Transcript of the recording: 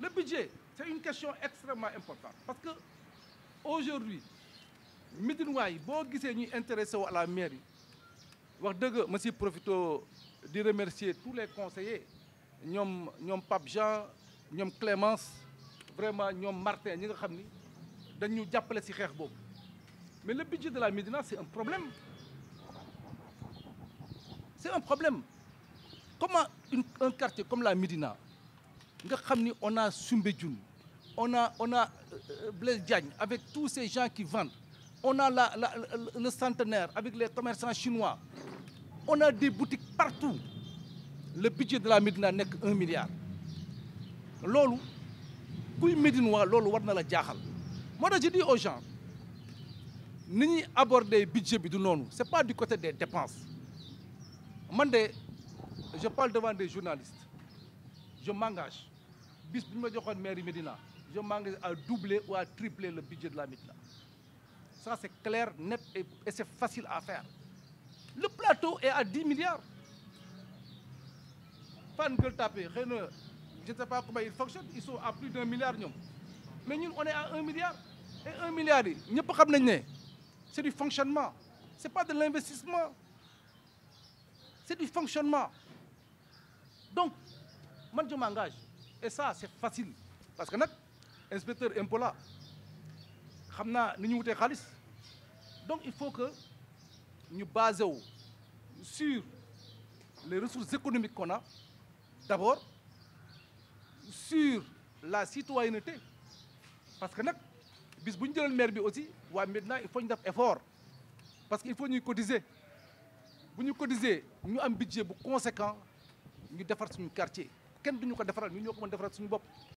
Le budget, c'est une question extrêmement importante parce que aujourd'hui Médinois yi boo gisee ñuy intéressé wu à la mairie wax dëgg ma si profité di remercier tous les conseillers ñoom ñoom Pape Jean ñoom Clémence vraiment ñoom Martin ñi nga xam ni dañu jàppale si xeex boobu mais le budget de la Médina c'est un problème c'est un problème comment une un quartier comme la Médina nga xam ni on a Soumbédioune on a on a euh, Blaise Diagne avec tous ces gens qui vendent on a la la le centenaire avec les commerçants chinois on des boutiques partout le budget de la Médina nekk un milliard loolu kuy médinois loolu war na la jaaxal moo tax je dis aux ni ñuy aborder budget bi du noonu c'est pas du côté des dépenses man de je parle devant des journalistes je m'engage bis ma joxoon mairie Médina je m'engage à doubler ou à tripler le budget de la Médina ça c'est clair net et, et c'est facile à faire le plateau est à milliards Fan Gueule Tapée xëy na je ne sais sont à plus d'un milliard ñoom mais ñun on est à un milliard et un milliard yi ñëpp xam nañ ne c'est du fonctionnement c'est pas de l'investissement c'est du fonctionnement donc man je m'engage et ça c'est facile parce que nag inspecteur impôt xam naa ni ñu wutee xaalis donc il faut que ñu basé wu sur les ressources économiques qu'on a d'abord sur la citoyenneté parce que nag bis bu ñu jëlal maire bi aussi waaye maintenant il faut ñu def effort parce que il faut ñuy cotiser bu ñu cotiser ñu am budget bu conséquent ñu defar suñu quartier kenn duñu ko defaral ñun ñoo ko mën defaral suñu bopp